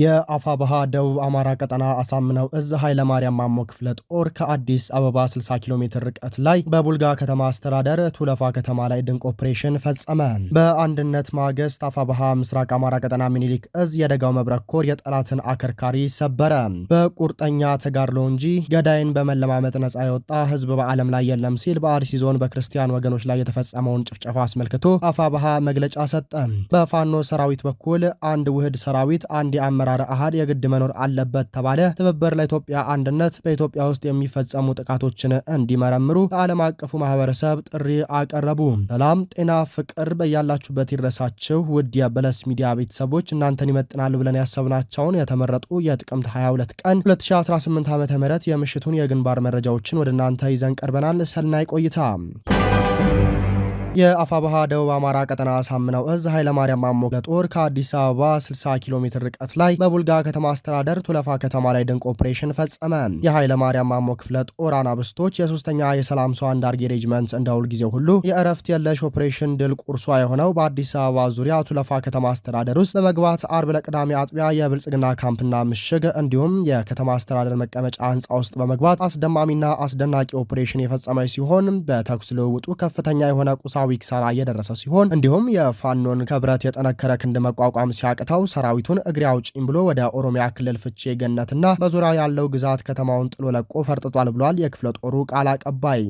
የአፋብሃ ደቡብ አማራ ቀጠና አሳምነው እዝ ኃይለማርያም ማሞ ክፍለ ጦር ከአዲስ አበባ 60 ኪሎ ሜትር ርቀት ላይ በቡልጋ ከተማ አስተዳደር ቱለፋ ከተማ ላይ ድንቅ ኦፕሬሽን ፈጸመ። በአንድነት ማግስት አፋብሃ ምስራቅ አማራ ቀጠና ሚኒሊክ እዝ የደጋው መብረቅ ኮር የጠላትን አከርካሪ ሰበረ። በቁርጠኛ ተጋድሎ እንጂ ገዳይን በመለማመጥ ነጻ የወጣ ህዝብ በዓለም ላይ የለም ሲል በአርሲ ዞን በክርስቲያን ወገኖች ላይ የተፈጸመውን ጭፍጨፋ አስመልክቶ አፋብሃ መግለጫ ሰጠ። በፋኖ ሰራዊት በኩል አንድ ውህድ ሰራዊት አንድ የአመራ አመራር አሃድ የግድ መኖር አለበት ተባለ። ትብብር ለኢትዮጵያ አንድነት በኢትዮጵያ ውስጥ የሚፈጸሙ ጥቃቶችን እንዲመረምሩ ለዓለም አቀፉ ማህበረሰብ ጥሪ አቀረቡ። ሰላም፣ ጤና፣ ፍቅር በያላችሁበት ይድረሳችሁ ውድ የበለስ ሚዲያ ቤተሰቦች እናንተን ይመጥናሉ ብለን ያሰብናቸውን የተመረጡ የጥቅምት 22 ቀን 2018 ዓ ም የምሽቱን የግንባር መረጃዎችን ወደ እናንተ ይዘን ቀርበናል። ሰናይ ቆይታ የአፋባሃ ደቡብ አማራ ቀጠና አሳምነው እዝ ኃይለማርያም ማሞ ጦር ከአዲስ አበባ 60 ኪሎ ሜትር ርቀት ላይ በቡልጋ ከተማ አስተዳደር ቱለፋ ከተማ ላይ ድንቅ ኦፕሬሽን ፈጸመ። የኃይለማርያም ማሞ ክፍለ ጦር አናብስቶች የሶስተኛ የሰላም ሰው አንዳርጌ ሬጅመንት እንደ ሁልጊዜው ሁሉ የእረፍት የለሽ ኦፕሬሽን ድል ቁርሷ የሆነው በአዲስ አበባ ዙሪያ ቱለፋ ከተማ አስተዳደር ውስጥ በመግባት አርብ ለቅዳሜ አጥቢያ የብልጽግና ካምፕና ምሽግ እንዲሁም የከተማ አስተዳደር መቀመጫ ህንፃ ውስጥ በመግባት አስደማሚና አስደናቂ ኦፕሬሽን የፈጸመች ሲሆን በተኩስ ልውውጡ ከፍተኛ የሆነ ቁሳ ቁሳዊ ኪሳራ እየደረሰ ሲሆን እንዲሁም የፋኖን ከብረት የጠነከረ ክንድ መቋቋም ሲያቅተው ሰራዊቱን እግሬ አውጪኝ ብሎ ወደ ኦሮሚያ ክልል ፍቼ ገነትና በዙሪያ ያለው ግዛት ከተማውን ጥሎ ለቆ ፈርጥጧል ብሏል የክፍለ ጦሩ ቃል አቀባይ።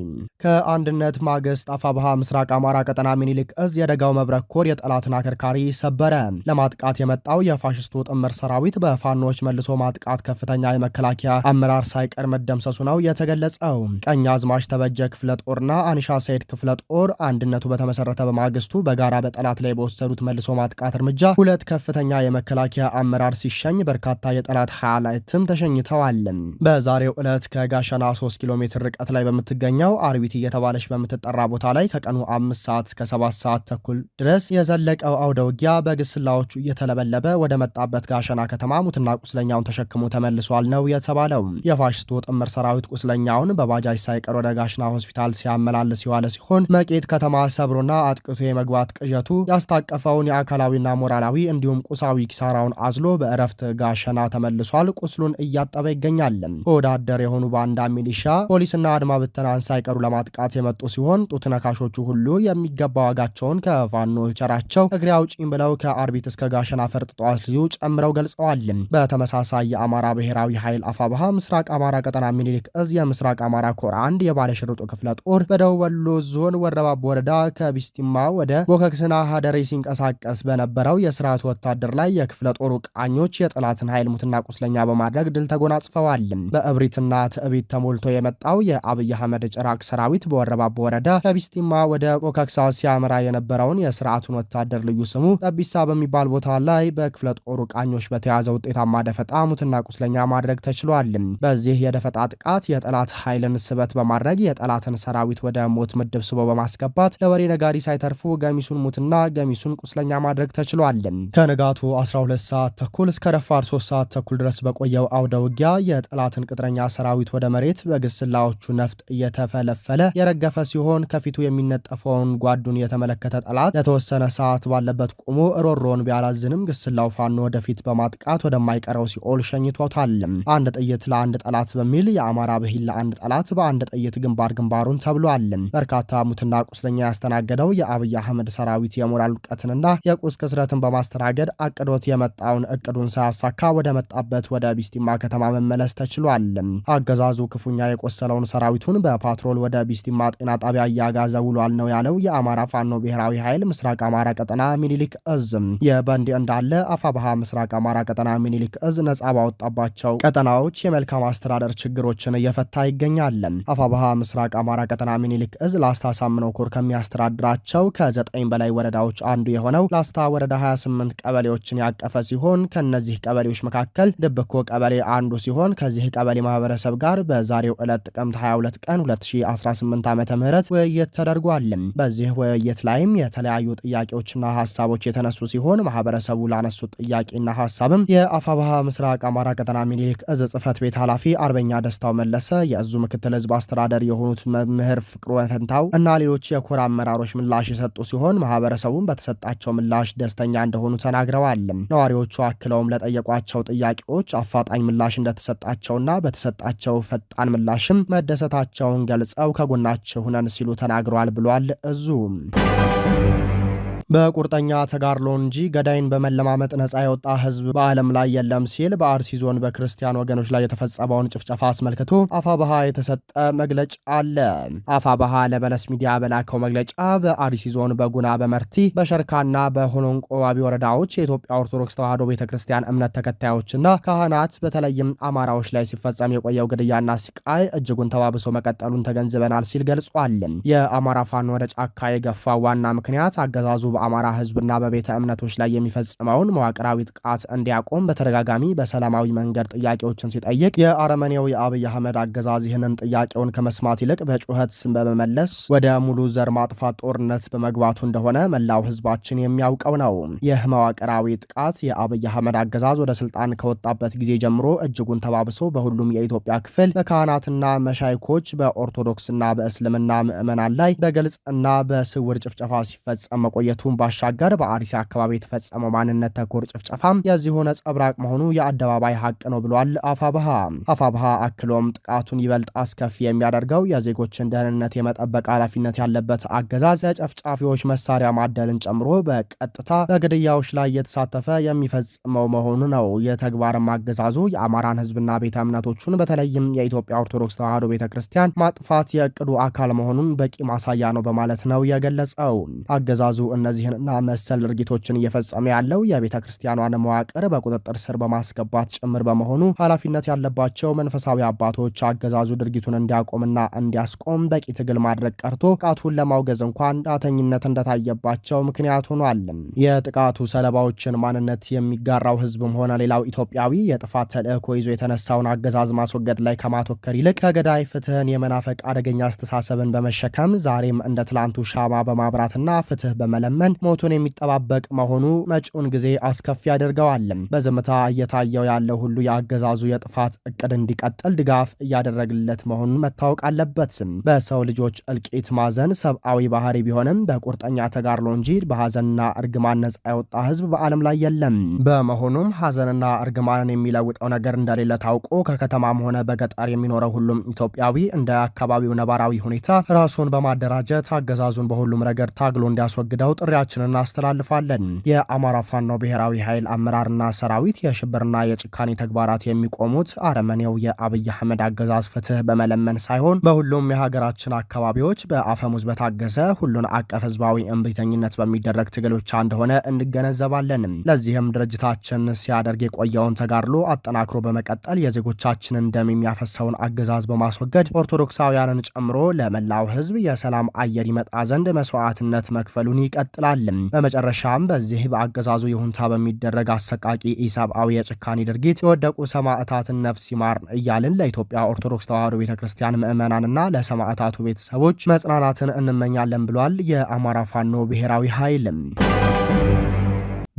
ከአንድነት ማግስት አፋብሃ ምስራቅ አማራ ቀጠና ሚኒሊክ እዝ የደጋው መብረክ ኮር የጠላትን አከርካሪ ሰበረ። ለማጥቃት የመጣው የፋሽስቱ ጥምር ሰራዊት በፋኖች መልሶ ማጥቃት ከፍተኛ የመከላከያ አመራር ሳይቀር መደምሰሱ ነው የተገለጸው። ቀኝ አዝማች ተበጀ ክፍለ ጦርና አንሻ ሰይድ ክፍለ ጦር አንድነት ስምምነቱ በተመሰረተ በማግስቱ በጋራ በጠላት ላይ በወሰዱት መልሶ ማጥቃት እርምጃ ሁለት ከፍተኛ የመከላከያ አመራር ሲሸኝ በርካታ የጠላት ሀላይትም ተሸኝተዋል። በዛሬው ዕለት ከጋሸና 3 ኪሎ ሜትር ርቀት ላይ በምትገኘው አርቢት እየተባለች በምትጠራ ቦታ ላይ ከቀኑ አምስት ሰዓት እስከ ሰባት ሰዓት ተኩል ድረስ የዘለቀው አውደ ውጊያ በግስላዎቹ እየተለበለበ ወደ መጣበት ጋሸና ከተማ ሙትና ቁስለኛውን ተሸክሞ ተመልሷል ነው የተባለው። የፋሽስቱ ጥምር ሰራዊት ቁስለኛውን በባጃጅ ሳይቀር ወደ ጋሸና ሆስፒታል ሲያመላልስ የዋለ ሲሆን መቄት ከተማ ሰብሮና አጥቅቶ የመግባት ቅዠቱ ያስታቀፈውን የአካላዊና ሞራላዊ እንዲሁም ቁሳዊ ኪሳራውን አዝሎ በእረፍት ጋሸና ተመልሷል። ቁስሉን እያጠበ ይገኛል። ወዳደር የሆኑ ባንዳ፣ ሚሊሻ፣ ፖሊስና አድማ ብተናን ሳይቀሩ ለማጥቃት የመጡ ሲሆን ጡት ነካሾቹ ሁሉ የሚገባ ዋጋቸውን ከፋኖ ቸራቸው እግሬ አውጪኝ ብለው ከአርቢት እስከ ጋሸና ፈርጥጠዋል ሲሉ ጨምረው ገልጸዋል። በተመሳሳይ የአማራ ብሔራዊ ኃይል አፋብሃ ምስራቅ አማራ ቀጠና ሚኒሊክ እዝ የምስራቅ አማራ ኮር አንድ የባለሽርጡ ክፍለ ጦር በደቡብ ወሎ ዞን ወረባቦ ወረዳ ከቢስቲማ ወደ ቦከክስና ሀደሬ ሲንቀሳቀስ በነበረው የስርዓቱ ወታደር ላይ የክፍለ ጦሩ ቃኞች የጠላትን ኃይል ሙትና ቁስለኛ በማድረግ ድል ተጎናጽፈዋል። በእብሪትና ትዕቢት ተሞልቶ የመጣው የአብይ አህመድ ጭራቅ ሰራዊት በወረባቦ ወረዳ ከቢስቲማ ወደ ቦከክሳ ሲያመራ የነበረውን የስርዓቱን ወታደር ልዩ ስሙ ጠቢሳ በሚባል ቦታ ላይ በክፍለ ጦሩ ቃኞች በተያዘ ውጤታማ ደፈጣ ሙትና ቁስለኛ ማድረግ ተችሏል። በዚህ የደፈጣ ጥቃት የጠላት ኃይልን ስበት በማድረግ የጠላትን ሰራዊት ወደ ሞት ምድብ ስቦ በማስገባት ከበሬ ነጋሪ ሳይተርፉ ገሚሱን ሙትና ገሚሱን ቁስለኛ ማድረግ ተችሏል። ከንጋቱ 12 ሰዓት ተኩል እስከ ረፋር 3 ሰዓት ተኩል ድረስ በቆየው አውደ ውጊያ የጠላትን ቅጥረኛ ሰራዊት ወደ መሬት በግስላዎቹ ነፍጥ እየተፈለፈለ የረገፈ ሲሆን ከፊቱ የሚነጠፈውን ጓዱን የተመለከተ ጠላት ለተወሰነ ሰዓት ባለበት ቆሞ ሮሮን ቢያላዝንም ግስላው ፋኖ ወደፊት በማጥቃት ወደማይቀረው ሲኦል ሸኝቶታል። አንድ ጥይት ለአንድ ጠላት በሚል የአማራ ብሂል ለአንድ ጠላት በአንድ ጥይት ግንባር ግንባሩን ተብሏል። በርካታ ሙትና ቁስለኛ ያስተናገደው የአብይ አህመድ ሰራዊት የሞራል ውድቀትንና የቁስ ክስረትን በማስተናገድ አቅዶት የመጣውን እቅዱን ሳያሳካ ወደ መጣበት ወደ ቢስቲማ ከተማ መመለስ ተችሏል። አገዛዙ ክፉኛ የቆሰለውን ሰራዊቱን በፓትሮል ወደ ቢስቲማ ጤና ጣቢያ እያጋዘ ውሏል ነው ያለው የአማራ ፋኖ ብሔራዊ ኃይል ምስራቅ አማራ ቀጠና ሚኒሊክ እዝ። ይህ በእንዲህ እንዳለ አፋባሃ ምስራቅ አማራ ቀጠና ሚኒሊክ እዝ ነጻ ባወጣባቸው ቀጠናዎች የመልካም አስተዳደር ችግሮችን እየፈታ ይገኛል። አፋባሃ ምስራቅ አማራ ቀጠና ሚኒሊክ እዝ ላስታሳምነው ኮር ከሚያስ የሚያስተዳድራቸው ከዘጠኝ በላይ ወረዳዎች አንዱ የሆነው ላስታ ወረዳ 28 ቀበሌዎችን ያቀፈ ሲሆን ከእነዚህ ቀበሌዎች መካከል ድብኮ ቀበሌ አንዱ ሲሆን ከዚህ ቀበሌ ማህበረሰብ ጋር በዛሬው ዕለት ጥቅምት 22 ቀን 2018 ዓ ም ውይይት ተደርጓል። በዚህ ውይይት ላይም የተለያዩ ጥያቄዎችና ሀሳቦች የተነሱ ሲሆን ማህበረሰቡ ላነሱት ጥያቄና ሀሳብም የአፋባሃ ምስራቅ አማራ ቀጠና ሚኒሊክ እዝ ጽህፈት ቤት ኃላፊ አርበኛ ደስታው መለሰ፣ የእዙ ምክትል ህዝብ አስተዳደር የሆኑት መምህር ፍቅሩ ፈንታው እና ሌሎች የኮራ አመራሮች ምላሽ የሰጡ ሲሆን ማህበረሰቡም በተሰጣቸው ምላሽ ደስተኛ እንደሆኑ ተናግረዋል። ነዋሪዎቹ አክለውም ለጠየቋቸው ጥያቄዎች አፋጣኝ ምላሽ እንደተሰጣቸውና በተሰጣቸው ፈጣን ምላሽም መደሰታቸውን ገልጸው ከጎናቸው ሁነን ሲሉ ተናግረዋል ብሏል እዙ በቁርጠኛ ተጋድሎ እንጂ ገዳይን በመለማመጥ ነጻ የወጣ ህዝብ በዓለም ላይ የለም ሲል በአርሲ ዞን በክርስቲያን ወገኖች ላይ የተፈጸመውን ጭፍጨፋ አስመልክቶ አፋብሃ የተሰጠ መግለጫ አለ። አፋብሃ ለበለስ ሚዲያ በላከው መግለጫ በአርሲ ዞን በጉና በመርቲ በሸርካና በሆኖንቆ ዋቢ ወረዳዎች የኢትዮጵያ ኦርቶዶክስ ተዋሕዶ ቤተ ክርስቲያን እምነት ተከታዮችና ካህናት በተለይም አማራዎች ላይ ሲፈጸም የቆየው ግድያና ስቃይ እጅጉን ተባብሶ መቀጠሉን ተገንዝበናል ሲል ገልጿል። የአማራ ፋኖ ወደ ጫካ የገፋ ዋና ምክንያት አገዛዙ በአማራ ህዝብና በቤተ እምነቶች ላይ የሚፈጽመውን መዋቅራዊ ጥቃት እንዲያቆም በተደጋጋሚ በሰላማዊ መንገድ ጥያቄዎችን ሲጠይቅ የአረመኔው የአብይ አህመድ አገዛዝ ይህንን ጥያቄውን ከመስማት ይልቅ በጩኸት በመመለስ ወደ ሙሉ ዘር ማጥፋት ጦርነት በመግባቱ እንደሆነ መላው ህዝባችን የሚያውቀው ነው። ይህ መዋቅራዊ ጥቃት የአብይ አህመድ አገዛዝ ወደ ስልጣን ከወጣበት ጊዜ ጀምሮ እጅጉን ተባብሶ በሁሉም የኢትዮጵያ ክፍል በካህናትና መሻይኮች በኦርቶዶክስና በእስልምና ምዕመናን ላይ በግልጽ እና በስውር ጭፍጨፋ ሲፈጸም መቆየቱ ከግጭቱን ባሻገር በአርሲ አካባቢ የተፈጸመው ማንነት ተኮር ጭፍጨፋ የዚሁ ነጸብራቅ መሆኑ የአደባባይ ሀቅ ነው ብሏል አፋብሃ። አፋብሃ አክሎም ጥቃቱን ይበልጥ አስከፊ የሚያደርገው የዜጎችን ደህንነት የመጠበቅ ኃላፊነት ያለበት አገዛዝ ለጨፍጫፊዎች መሳሪያ ማደልን ጨምሮ በቀጥታ በግድያዎች ላይ የተሳተፈ የሚፈጽመው መሆኑ ነው። የተግባርም አገዛዙ የአማራን ህዝብና ቤተ እምነቶቹን በተለይም የኢትዮጵያ ኦርቶዶክስ ተዋህዶ ቤተ ክርስቲያን ማጥፋት የእቅዱ አካል መሆኑን በቂ ማሳያ ነው በማለት ነው የገለጸው። አገዛዙ እነዚህ እነዚህና መሰል ድርጊቶችን እየፈጸመ ያለው የቤተ ክርስቲያኗን መዋቅር በቁጥጥር ስር በማስገባት ጭምር በመሆኑ ኃላፊነት ያለባቸው መንፈሳዊ አባቶች አገዛዙ ድርጊቱን እንዲያቆምና እንዲያስቆም በቂ ትግል ማድረግ ቀርቶ ጥቃቱን ለማውገዝ እንኳን ዳተኝነት እንደታየባቸው ምክንያት ሆኗል። የጥቃቱ ሰለባዎችን ማንነት የሚጋራው ህዝብም ሆነ ሌላው ኢትዮጵያዊ የጥፋት ተልእኮ ይዞ የተነሳውን አገዛዝ ማስወገድ ላይ ከማተኮር ይልቅ ከገዳይ ፍትህን የመናፈቅ አደገኛ አስተሳሰብን በመሸከም ዛሬም እንደ ትላንቱ ሻማ በማብራትና ፍትህ በመለመን ምዕመን ሞቱን የሚጠባበቅ መሆኑ መጪውን ጊዜ አስከፊ ያደርገዋል። በዝምታ እየታየው ያለው ሁሉ የአገዛዙ የጥፋት እቅድ እንዲቀጥል ድጋፍ እያደረግለት መሆኑን መታወቅ አለበት። በሰው ልጆች እልቂት ማዘን ሰብአዊ ባህሪ ቢሆንም በቁርጠኛ ተጋድሎ እንጂ በሐዘንና እርግማን ነጻ የወጣ ህዝብ በዓለም ላይ የለም። በመሆኑም ሐዘንና እርግማንን የሚለውጠው ነገር እንደሌለ ታውቆ ከከተማም ሆነ በገጠር የሚኖረው ሁሉም ኢትዮጵያዊ እንደ አካባቢው ነባራዊ ሁኔታ ራሱን በማደራጀት አገዛዙን በሁሉም ረገድ ታግሎ እንዲያስወግደው ጥሪ ጥሪያችንን እናስተላልፋለን። የአማራ ፋኖ ብሔራዊ ኃይል አመራርና ሰራዊት የሽብርና የጭካኔ ተግባራት የሚቆሙት አረመኔው የአብይ አህመድ አገዛዝ ፍትህ በመለመን ሳይሆን በሁሉም የሀገራችን አካባቢዎች በአፈሙዝ በታገዘ ሁሉን አቀፍ ህዝባዊ እምቢተኝነት በሚደረግ ትግል ብቻ እንደሆነ እንገነዘባለን። ለዚህም ድርጅታችን ሲያደርግ የቆየውን ተጋድሎ አጠናክሮ በመቀጠል የዜጎቻችንን ደም የሚያፈሰውን አገዛዝ በማስወገድ ኦርቶዶክሳውያንን ጨምሮ ለመላው ህዝብ የሰላም አየር ይመጣ ዘንድ መስዋዕትነት መክፈሉን ይቀጥል ይቀጥላል። በመጨረሻም በዚህ በአገዛዙ ይሁንታ በሚደረግ አሰቃቂ ኢሰብአዊ የጭካኔ ድርጊት የወደቁ ሰማዕታትን ነፍስ ይማር እያልን ለኢትዮጵያ ኦርቶዶክስ ተዋህዶ ቤተ ክርስቲያን ምዕመናንና ለሰማዕታቱ ቤተሰቦች መጽናናትን እንመኛለን ብሏል የአማራ ፋኖ ብሔራዊ ኃይልም።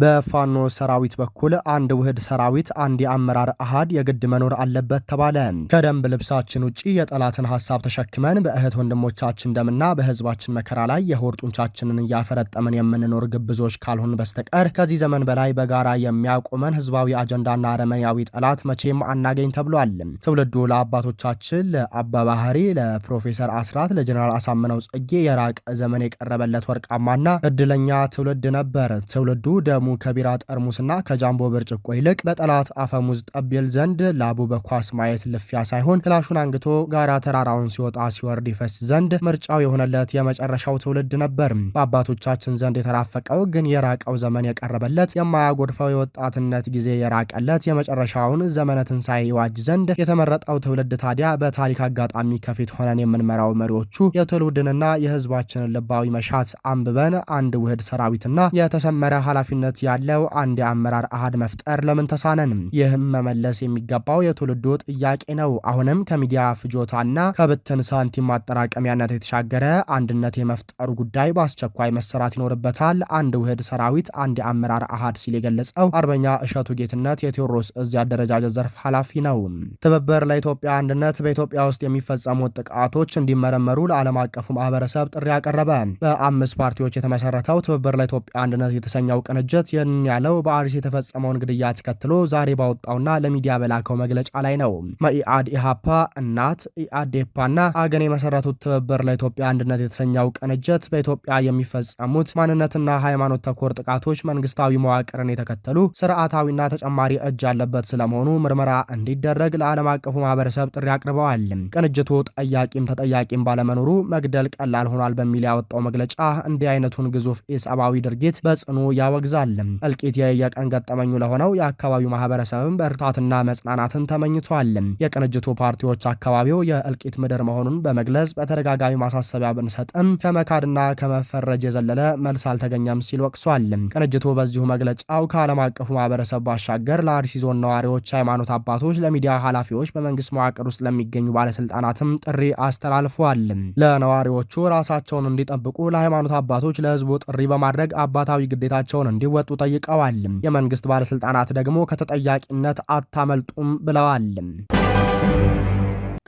በፋኖ ሰራዊት በኩል አንድ ውህድ ሰራዊት አንድ የአመራር አሃድ የግድ መኖር አለበት ተባለ። ከደንብ ልብሳችን ውጭ የጠላትን ሀሳብ ተሸክመን በእህት ወንድሞቻችን ደምና በህዝባችን መከራ ላይ የሆድ ጡንቻችንን እያፈረጠምን የምንኖር ግብዞች ካልሆን በስተቀር ከዚህ ዘመን በላይ በጋራ የሚያቆመን ህዝባዊ አጀንዳና አረመኔያዊ ጠላት መቼም አናገኝ ተብሏል። ትውልዱ ለአባቶቻችን ለአባ ባህሪ፣ ለፕሮፌሰር አስራት፣ ለጀኔራል አሳምነው ጽጌ የራቀ ዘመን የቀረበለት ወርቃማና እድለኛ ትውልድ ነበር። ትውልዱ ደሙ ጣዕሙ ከቢራ ጠርሙስና ከጃምቦ ብርጭቆ ይልቅ በጠላት አፈሙዝ ጠቤል ዘንድ ላቡ በኳስ ማየት ልፊያ ሳይሆን ክላሹን አንግቶ ጋራ ተራራውን ሲወጣ ሲወርድ ይፈስ ዘንድ ምርጫው የሆነለት የመጨረሻው ትውልድ ነበር። በአባቶቻችን ዘንድ የተራፈቀው ግን የራቀው ዘመን የቀረበለት የማያጎድፈው የወጣትነት ጊዜ የራቀለት የመጨረሻውን ዘመነ ትንሣኤ ይዋጅ ዘንድ የተመረጠው ትውልድ ታዲያ በታሪክ አጋጣሚ ከፊት ሆነን የምንመራው መሪዎቹ የትውልድንና የህዝባችንን ልባዊ መሻት አንብበን አንድ ውህድ ሰራዊትና የተሰመረ ኃላፊነት ይዘት ያለው አንድ የአመራር አሃድ መፍጠር ለምን ተሳነን? ይህም መመለስ የሚገባው የትውልዱ ጥያቄ ነው። አሁንም ከሚዲያ ፍጆታና ከብትን ሳንቲም ማጠራቀሚያነት የተሻገረ አንድነት የመፍጠሩ ጉዳይ በአስቸኳይ መሰራት ይኖርበታል። አንድ ውህድ ሰራዊት፣ አንድ የአመራር አሃድ ሲል የገለጸው አርበኛ እሸቱ ጌትነት የቴዎድሮስ እዝ አደረጃጀት ዘርፍ ኃላፊ ነው። ትብብር ለኢትዮጵያ አንድነት በኢትዮጵያ ውስጥ የሚፈጸሙት ጥቃቶች እንዲመረመሩ ለዓለም አቀፉ ማህበረሰብ ጥሪ አቀረበ። በአምስት ፓርቲዎች የተመሰረተው ትብብር ለኢትዮጵያ አንድነት የተሰኘው ቅንጅት ይህን ያለው በአርሲ የተፈጸመውን ግድያ ተከትሎ ዛሬ ባወጣውና ለሚዲያ በላከው መግለጫ ላይ ነው። መኢአድ፣ ኢሃፓ፣ እናት፣ ኢአዴፓና አገን የመሰረቱት ትብብር ለኢትዮጵያ አንድነት የተሰኘው ቅንጅት በኢትዮጵያ የሚፈጸሙት ማንነትና ሃይማኖት ተኮር ጥቃቶች መንግስታዊ መዋቅርን የተከተሉ ስርዓታዊና ተጨማሪ እጅ ያለበት ስለመሆኑ ምርመራ እንዲደረግ ለዓለም አቀፉ ማህበረሰብ ጥሪ አቅርበዋል። ቅንጅቱ ጠያቂም ተጠያቂም ባለመኖሩ መግደል ቀላል ሆኗል በሚል ያወጣው መግለጫ እንዲህ አይነቱን ግዙፍ ኢሰብአዊ ድርጊት በጽኑ ያወግዛል። ተናግረዋል። እልቂት የየቀን ገጠመኙ ለሆነው የአካባቢው ማህበረሰብም በእርታትና መጽናናትን ተመኝቷል። የቅንጅቱ ፓርቲዎች አካባቢው የእልቂት ምድር መሆኑን በመግለጽ በተደጋጋሚ ማሳሰቢያ ብንሰጥም ከመካድና ከመፈረጅ የዘለለ መልስ አልተገኘም ሲል ወቅሷል። ቅንጅቱ በዚሁ መግለጫው ከዓለም አቀፉ ማህበረሰብ ባሻገር ለአርሲ ዞን ነዋሪዎች፣ ሃይማኖት አባቶች፣ ለሚዲያ ኃላፊዎች፣ በመንግስት መዋቅር ውስጥ ለሚገኙ ባለስልጣናትም ጥሪ አስተላልፏል። ለነዋሪዎቹ ራሳቸውን እንዲጠብቁ፣ ለሃይማኖት አባቶች ለህዝቡ ጥሪ በማድረግ አባታዊ ግዴታቸውን እንዲወ እንዲወጡ ጠይቀዋል። የመንግስት ባለስልጣናት ደግሞ ከተጠያቂነት አታመልጡም ብለዋል።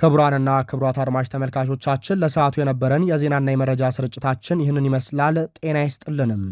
ክቡራንና ክቡራት አድማጭ ተመልካቾቻችን ለሰዓቱ የነበረን የዜናና የመረጃ ስርጭታችን ይህንን ይመስላል። ጤና ይስጥልንም።